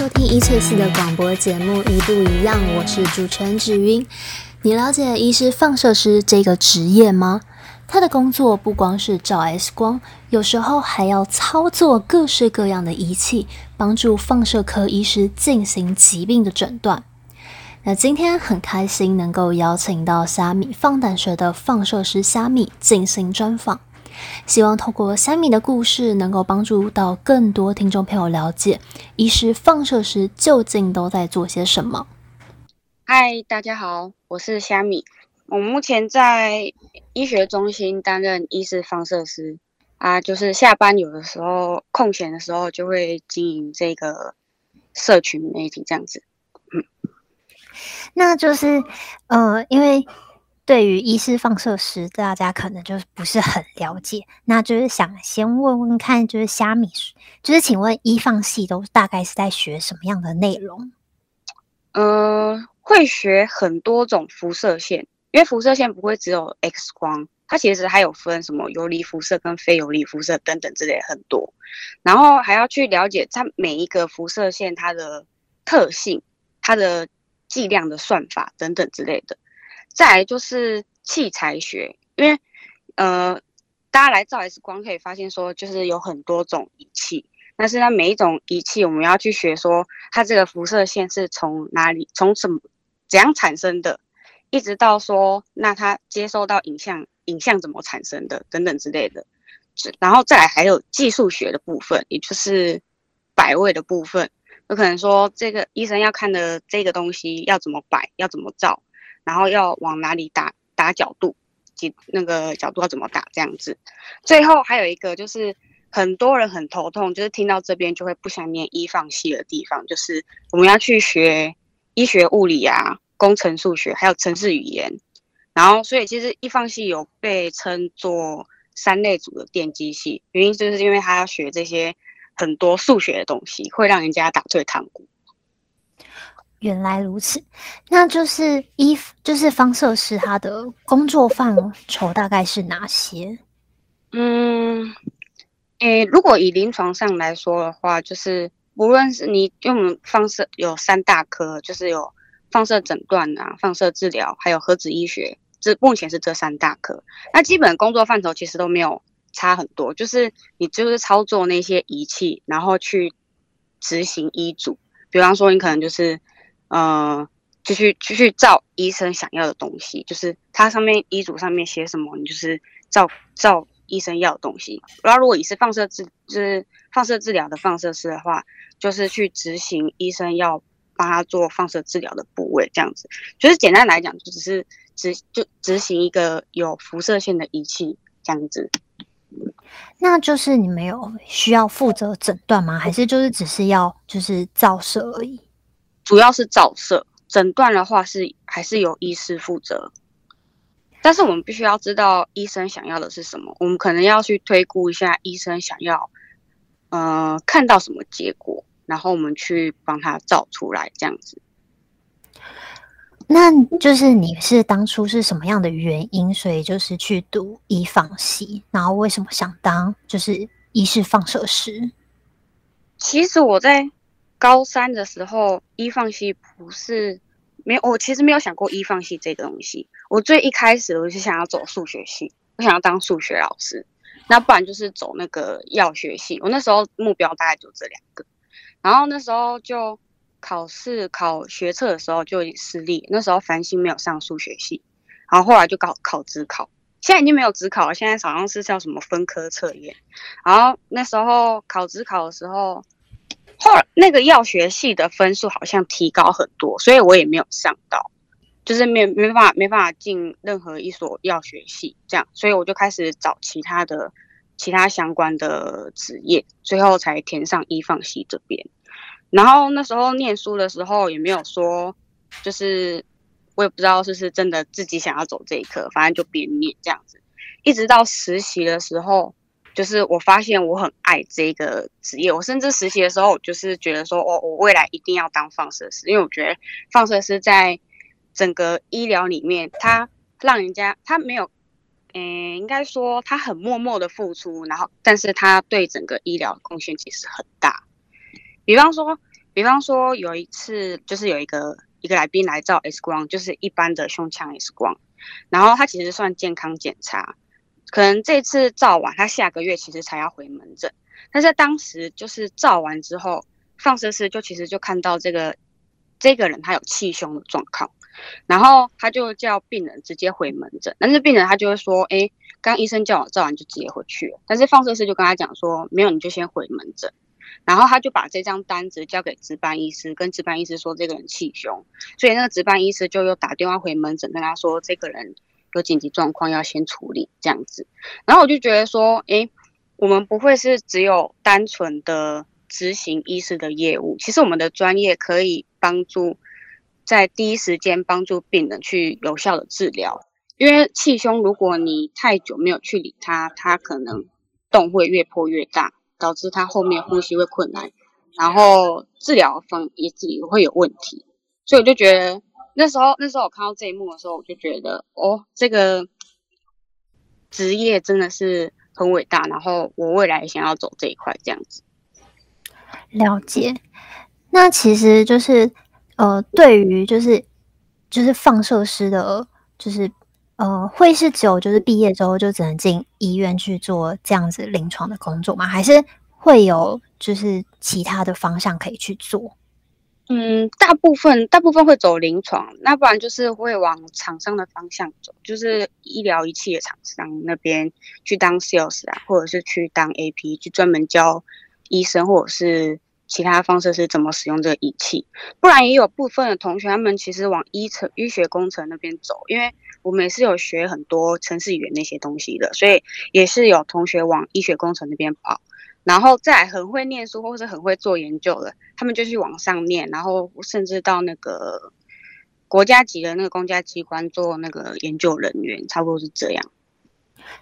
收聽醫淬思的廣播節目《醫不一樣》，我是主持人芷雲。你了解醫事放射師這個職業嗎？他的工作不光是照 X 光，有時候還要操作各式各樣的儀器，幫助放射科醫師進行疾病的診斷。那今天很開心能夠邀請到蝦米放膽學的放射師蝦米進行專訪。希望透過蝦米的故事，能夠幫助到更多聽眾朋友了解，醫事放射師究竟都在做些什麼。嗨，大家好，我是蝦米，我目前在醫學中心擔任醫事放射師，啊，就是下班有的時候空閒的時候，就會經營這個社群媒體這樣子。嗯，那就是，呃，因為。對於醫事放射師，大家可能就是不是很了解，那就是想先問問看，就是蝦米，就是請問醫放系都大概是在學什麼樣的內容？呃，會學很多種輻射線，因為輻射線不會只有 X 光，它其實還有分什麼游離輻射跟非游離輻射等等之類很多，然後還要去了解它每一個輻射線它的特性、它的劑量的算法等等之類的。再來就是器材學，因為，呃，大家來照 X 光可以發現說，就是有很多種儀器，但是呢，每一種儀器我們要去學說，它這個輻射線是從哪裡，從什麼，怎樣產生的，一直到說，那它接收到影像，影像怎麼產生的，等等之類的。然後再來還有技術學的部分，也就是擺位的部分，有可能說這個醫生要看的這個東西要怎麼擺，要怎麼照。然後要往哪裡打打角度，幾那個角度要怎麼打這樣子。最後還有一個就是很多人很頭痛，就是聽到這邊就會不想念醫放系的地方，就是我們要去學醫學物理啊、工程數學，還有程式語言。然後所以其實醫放系有被稱作三類組的電機系，原因就是因為他要學這些很多數學的東西，會讓人家打退堂鼓。原來如此，那就是醫、e,，就是放射師他的工作範疇大概是哪些？嗯，誒、欸，如果以臨床上來說的話，就是無論是你用放射有三大科，就是有放射診斷啊、放射治療，還有核子醫學，這目前是這三大科。那基本工作範疇其實都沒有差很多，就是你就是操作那些儀器，然後去執行醫囑。比方說，你可能就是。呃，就去就去照醫生想要的東西，就是它上面醫囑上面寫什麼，你就是照照醫生要的東西。然後如果你是放射治、就是放射治療的放射師的話，就是去執行醫生要幫他做放射治療的部位，這樣子。就是簡單來講，就只是執就執行一個有輻射性的儀器這樣子。那就是你沒有需要負責診斷嗎？還是就是只是要就是照射而已？主要是照射，診斷的話是、是還是由醫師負責。但是我們必須要知道醫生想要的是什麼，我們可能要去推估一下醫生想要，嗯、呃、看到什麼結果，然後我們去幫他照出來這樣子。那就是你是當初是什麼樣的原因，所以就是去讀醫放系，然後為什麼想當就是醫事放射師？其實我在。高三的時候，醫放系不是沒有，我其實沒有想過醫放系這個東西。我最一開始我就想要走數學系，我想要當數學老師，那不然就是走那個藥學系。我那時候目標大概就這兩個。然後那時候就考試考學測的時候就失利，那時候繁星沒有上數學系，然後後來就考考指考，現在已經沒有指考了，現在好像是叫什麼分科測驗。然後那時候考指考的時候。後來那個藥學系的分數好像提高很多，所以我也沒有上到，就是沒沒辦法沒辦法進任何一所藥學系這樣，所以我就開始找其他的其他相關的職業，最後才填上醫放系這邊。然後那時候念書的時候也沒有說，就是我也不知道是不是真的自己想要走這一科，反正就邊念這樣子，一直到實習的時候，就是我發現我很愛這個職業，我甚至實習的時候就是覺得說，哦，我未來一定要當放射師，因為我覺得放射師在整個醫療裡面，他讓人家他沒有，嗯、呃，應該說他很默默的付出，然後，但是他對整個醫療貢獻其實很大。比方說，比方說有一次就是有一個一個來賓來照 X 光，就是一般的胸腔 X 光，然後他其實算健康檢查。可能這次照完，他下個月其實才要回門診。但是當時就是照完之後，放射師就其實就看到這個這個人他有氣胸的狀況，然後他就叫病人直接回門診。但是病人他就會說，哎，剛醫生叫我照完就直接回去了。但是放射師就跟他講說，沒有，你就先回門診。然後他就把這張單子交給值班醫師，跟值班醫師說這個人氣胸，所以那個值班醫師就又打電話回門診，跟他說這個人。有緊急狀況要先處理這樣子，然後我就覺得說，哎、欸，我們不會是只有單純的執行醫師的業務，其實我們的專業可以幫助在第一時間幫助病人去有效的治療。因為氣胸，如果你太久沒有去理它，它可能洞會越破越大，導致他後面呼吸會困難，然後治療方也自己會有問題。所以我就覺得。那時候，那時候我看到這一幕的時候，我就覺得，哦，這個職業真的是很偉大。然後我未來想要走這一塊這樣子。了解。那其實就是，呃，對於就是就是放射師的，就是呃，會是只有就是畢業之後就只能進醫院去做這樣子臨床的工作嗎？還是會有就是其他的方向可以去做？嗯，大部分大部分會走臨床，那不然就是會往廠商的方向走，就是醫療儀器的廠商那邊去當 sales 啊，或者是去當 AP，去專門教醫生或者是其他方式是怎麼使用這個儀器。不然也有部分的同學，他們其實往醫程醫學工程那邊走，因為我們也是有學很多程式語言那些東西的，所以也是有同學往醫學工程那邊跑。然後再很會念書，或者很會做研究的，他們就去往上念，然後甚至到那個國家級的那個公家機關做那個研究人員，差不多是這樣。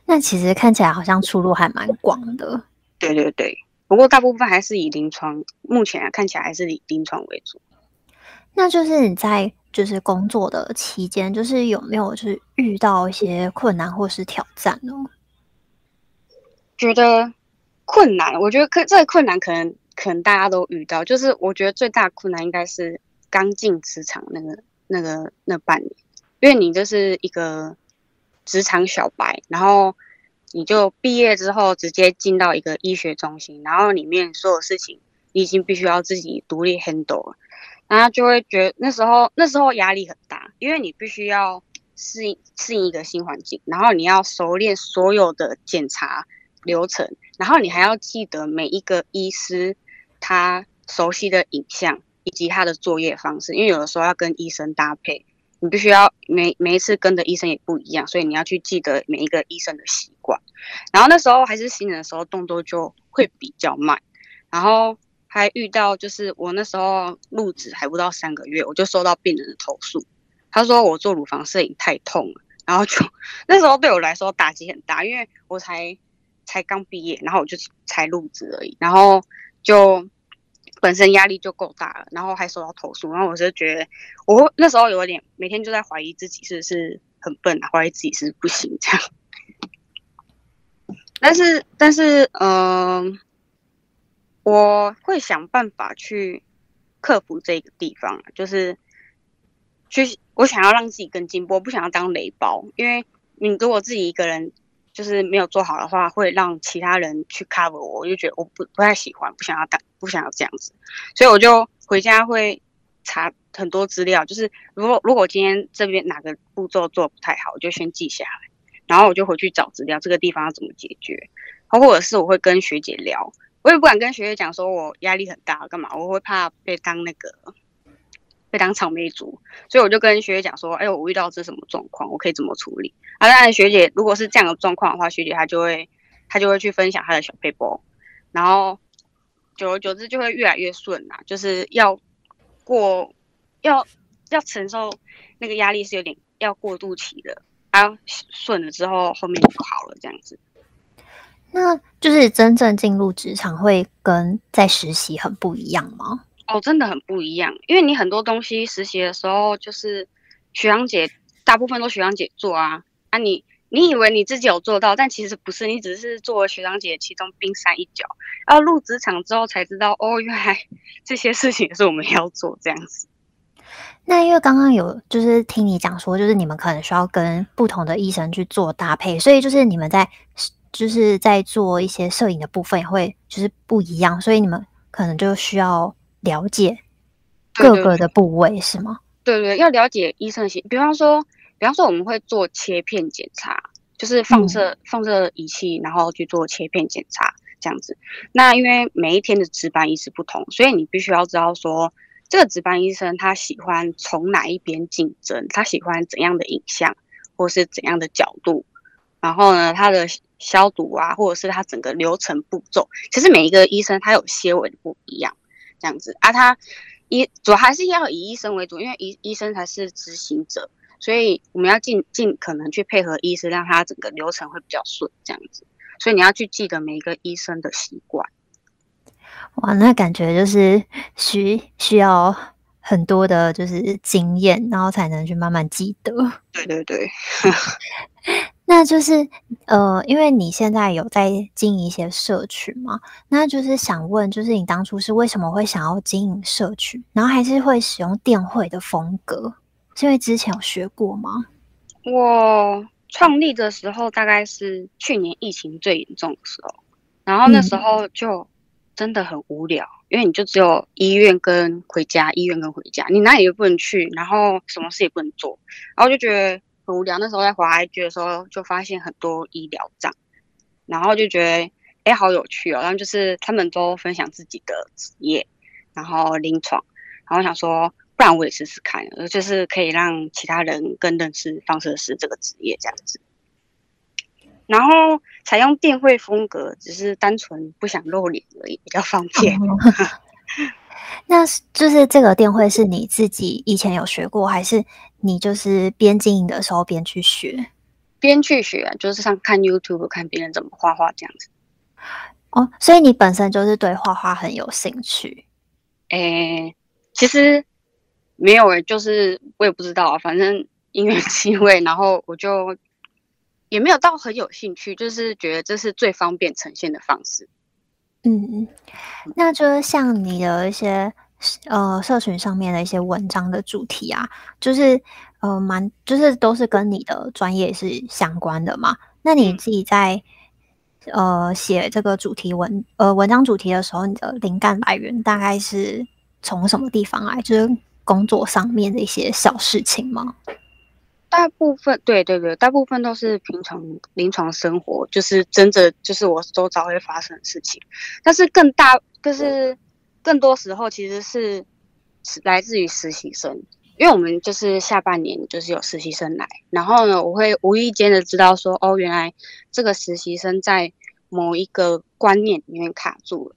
那其實看起來好像出路還蠻廣的。對對對，不過大部分還是以臨床，目前看起來還是以臨床為主。那就是你在就是工作的期間，就是有沒有就是遇到一些困難或是挑戰呢、哦？覺得。困難，我覺得可這個困難可能可能大家都遇到，就是我覺得最大的困難應該是剛進職場那個那個那半年，因為你就是一個職場小白，然後你就畢業之後直接進到一個醫學中心，然後裡面所有事情已經必須要自己獨立 handle 了，然後就會覺得那時候那時候壓力很大，因為你必須要適應適應一個新環境，然後你要熟練所有的檢查流程，然後你還要記得每一個醫師他熟悉的影像以及他的作業方式，因為有的時候要跟醫生搭配，你必須要每每一次跟的醫生也不一樣，所以你要去記得每一個醫生的習慣。然後那時候還是新人的時候，動作就會比較慢。然後還遇到就是我那時候入職還不到三個月，我就收到病人的投訴，他說我做乳房攝影太痛了。然後就那時候對我來說打擊很大，因為我才。才剛畢業，然後我就才入職而已，然後就本身壓力就夠大了，然後還受到投訴，然後我就覺得，我那時候有點每天就在懷疑自己是不是很笨啊，懷疑自己是不是不行這樣。但是，但是，嗯、呃，我會想辦法去克服這個地方，就是去我想要讓自己更進步，我不想要當雷包，因為你如果自己一個人。就是沒有做好的話，會讓其他人去 cover 我，我就覺得我不不太喜歡，不想要當，不想要這樣子，所以我就回家會查很多資料。就是如果如果我今天這邊哪個步驟做不太好，我就先記下來，然後我就回去找資料，這個地方要怎麼解決，或者是我會跟學姐聊。我也不敢跟學姐講說我壓力很大幹嘛，我會怕被當那個。被當場沒足，所以我就跟學姐講說：“哎呦，我遇到這什麼狀況，我可以怎麼處理？”啊，當然學姐如果是這樣的狀況的話，學姐她就會她就會去分享她的小背包，然後久而久之就會越來越順啦、啊。就是要過要要承受那個壓力是有點要過渡期的，啊，順了之後後面就不好了這樣子。那就是真正進入職場會跟在實習很不一樣嗎？哦，真的很不一樣，因為你很多東西實習的時候就是學長姐，大部分都學長姐做啊。啊你，你你以為你自己有做到，但其實不是，你只是做了學長姐其中冰山一角。然後入職場之後才知道，哦，原來這些事情也是我們要做這樣子。那因為剛剛有就是聽你講說，就是你們可能需要跟不同的醫生去做搭配，所以就是你們在就是在做一些攝影的部分也會就是不一樣，所以你們可能就需要。了解各個，個的部位是嗎？對對，對，要了解醫生的，比方說，比方說我們會做切片檢查，就是放射、嗯、放射儀器，然後去做切片檢查這樣子。那因為每一天的值班醫師不同，所以你必須要知道說，這個值班醫生他喜歡從哪一邊進針，他喜歡怎樣的影像，或是怎樣的角度。然後呢，他的消毒啊，或者是他整個流程步驟，其實每一個醫生他有些微的不一樣。這樣子啊他，他醫主要還是要以醫生為主，因為醫醫生才是執行者，所以我們要盡盡可能去配合醫師，讓他整個流程會比較順。這樣子，所以你要去記得每一個醫生的習慣。哇，那感覺就是需需要很多的，就是經驗，然後才能去慢慢記得。對對對。 那就是呃，因為你現在有在經營一些社群嘛，那就是想問，就是你當初是為什麼會想要經營社群，然後還是會使用電繪的風格，是因為之前有學過嗎？我創立的時候大概是去年疫情最嚴重的時候，然後那時候就真的很無聊，嗯、因為你就只有醫院跟回家，醫院跟回家，你哪裡也不能去，然後什麼事也不能做，然後就覺得。很無聊，那時候在滑 IG 的時候就發現很多醫療賬，然後就覺得哎好有趣哦。然後就是他們都分享自己的職業，然後臨床，然後我想說不然我也試試看，就是可以讓其他人更認識放射師這個職業這樣子。然後採用電繪風格，只是單純不想露臉而已，比較方便。 那就是這個電繪是你自己以前有學過，還是你就是邊經營的時候邊去學？邊去學、啊，就是像看 YouTube 看別人怎麼畫畫這樣子。哦，所以你本身就是對畫畫很有興趣？誒、欸，其實沒有誒、欸，就是我也不知道、啊，反正因為機會，然後我就也沒有到很有興趣，就是覺得這是最方便呈現的方式。嗯，那就是像你的一些呃社群上面的一些文章的主題啊，就是呃蠻就是都是跟你的專業是相關的嘛。那你自己在，嗯，呃寫這個主題文呃文章主題的時候，你的靈感來源大概是從什麼地方來？就是工作上面的一些小事情嗎？大部分，對對對，大部分都是平常臨床生活，就是真的就是我周遭會發生的事情。但是更大，就是更多時候其實是是來自於實習生，因為我們就是下半年就是有實習生來，然後呢，我會無意間的知道說，哦，原來這個實習生在某一個觀念裡面卡住了，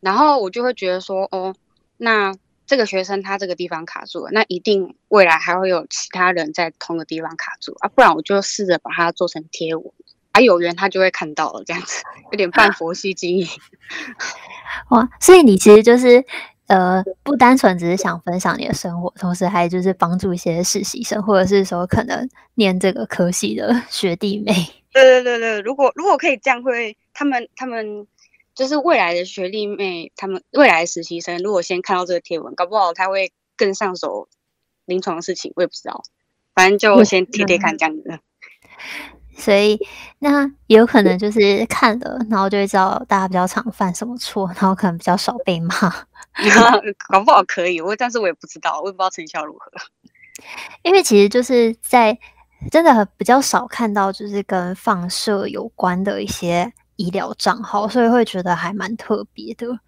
然後我就會覺得說，哦，那。這個學生他這個地方卡住了，那一定未來還會有其他人在同一個地方卡住啊，不然我就試着把它做成貼文，啊有緣他就會看到了，這樣子有點半佛系經營。啊啊啊、 哇，所以你其實就是呃不單純只是想分享你的生活，同時還就是幫助一些實習生，或者是說可能念這個科系的學弟妹。對對對對，如果如果可以這樣，會他們他們。他們就是未來的學弟妹，他們未來實習生，如果先看到這個貼文，搞不好他會更上手臨床的事情，我也不知道。反正就先貼貼看、嗯、這樣子。嗯、所以那有可能就是看了，然後就會知道大家比較常犯什麼錯，然後可能比較少被罵。搞不好可以， 我但是我也不知道，我也不知道成效如何。因為其實就是在真的比較少看到，就是跟放射有關的一些。醫療賬號，所以會覺得還蠻特別的。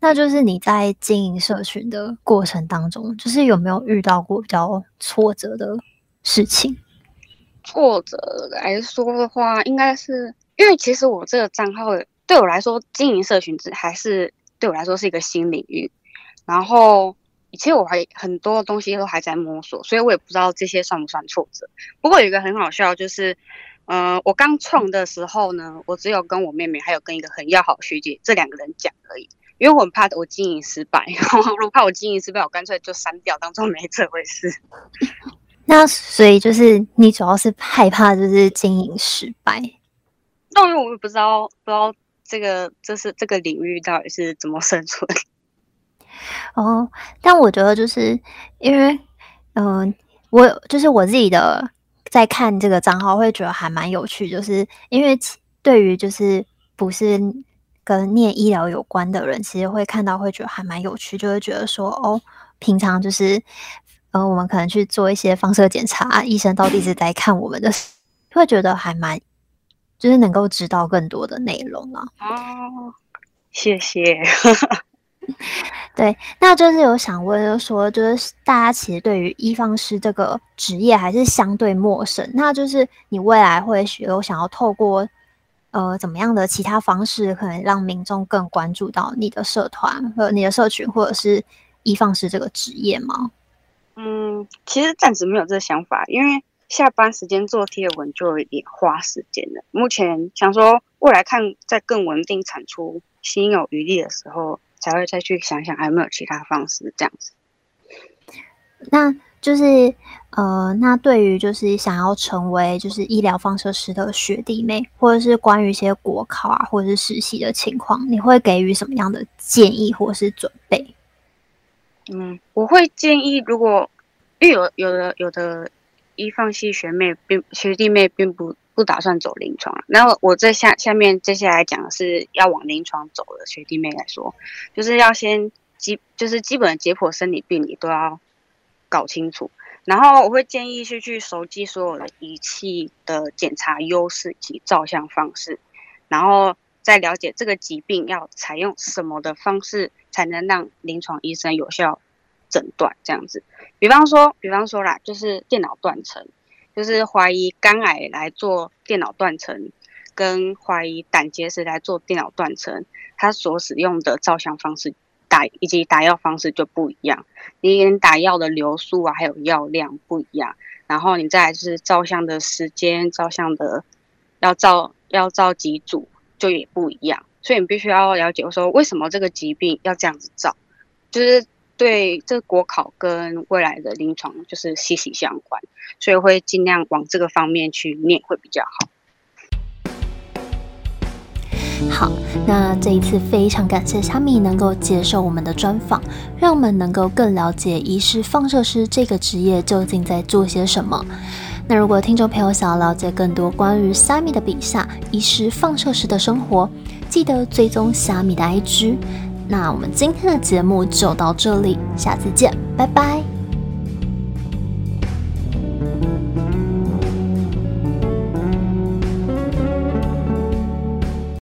那就是你在經營社群的過程當中，就是有沒有遇到過比較挫折的事情？挫折來說的話，應該是因為其實我這個賬號，對我來說經營社群還是對我來說是一個新領域。然後其實我還很多東西都還在摸索，所以我也不知道這些算不算挫折。不過有一個很好笑的就是。嗯、呃，我剛創的時候呢，我只有跟我妹妹還有跟一個很要好的學姐這兩個人講而已，因為我很怕我經營失敗，然後如果怕我經營失敗，我乾脆就刪掉，當做沒這回事。那所以就是你主要是害怕就是經營失敗？那因為我也不知道不知道這個就是這個領域到底是怎麼生存。哦，但我覺得就是因為嗯、呃，我就是我自己的。在看這個賬號會覺得還蠻有趣，就是因為對於就是不是跟念醫療有關的人，其實會看到會覺得還蠻有趣，就會覺得說哦，平常就是呃，我們可能去做一些放射檢查，醫生到底是在看我們的，會覺得還蠻就是能夠知道更多的內容啊。哦，謝謝。 對，那就是有想問，就說就是大家其實對於醫放師這個職業還是相對陌生。那就是你未來會，有想要透過呃怎麼樣的其他方式，可能讓民眾更關注到你的社團和、呃、你的社群，或者是醫放師這個職業嗎？嗯，其實暫時沒有這個想法，因為下班時間做貼文就有一點花時間了。目前想說，未來看在更穩定產出、心有餘力的時候。才會再去想想還有沒有其他方式這樣子。那就是呃，那對於就是想要成為就是醫療放射師的學弟妹，或者是關於一些國考啊，或者是實習的情況，你會給予什麼樣的建議或是準備？嗯，我會建議，如果因為有有的有的醫放系學妹並學弟妹並不，不打算走臨床，那我這下下面接下來講的是要往臨床走的學弟妹來說，就是要先基就是基本的解剖生理病理都要搞清楚，然後我會建議去去熟悉所有的儀器的檢查優勢及照相方式，然後再了解這個疾病要採用什麼的方式才能讓臨床醫生有效診斷，這樣子，比方說，比方說啦，就是電腦斷層。就是懷疑肝癌來做電腦斷層，跟懷疑膽結石來做電腦斷層，它所使用的照相方式打以及打藥方式就不一樣，你連打藥的流速啊，還有藥量不一樣，然後你再來就是照相的時間，照相的要照要照幾組就也不一樣，所以你必須要了解，我說為什麼這個疾病要這樣子照，就是。對，這個國考跟未來的臨床就是息息相關，所以會盡量往這個方面去念會比較好。好，那這一次非常感謝蝦米能夠接受我們的專訪，讓我們能夠更了解醫事放射師這個職業究竟在做些什麼。那如果聽眾朋友想要了解更多關於蝦米的筆下醫事放射師的生活，記得追蹤蝦米的 IG。那我們今天的節目就到這裡，下次見，拜拜。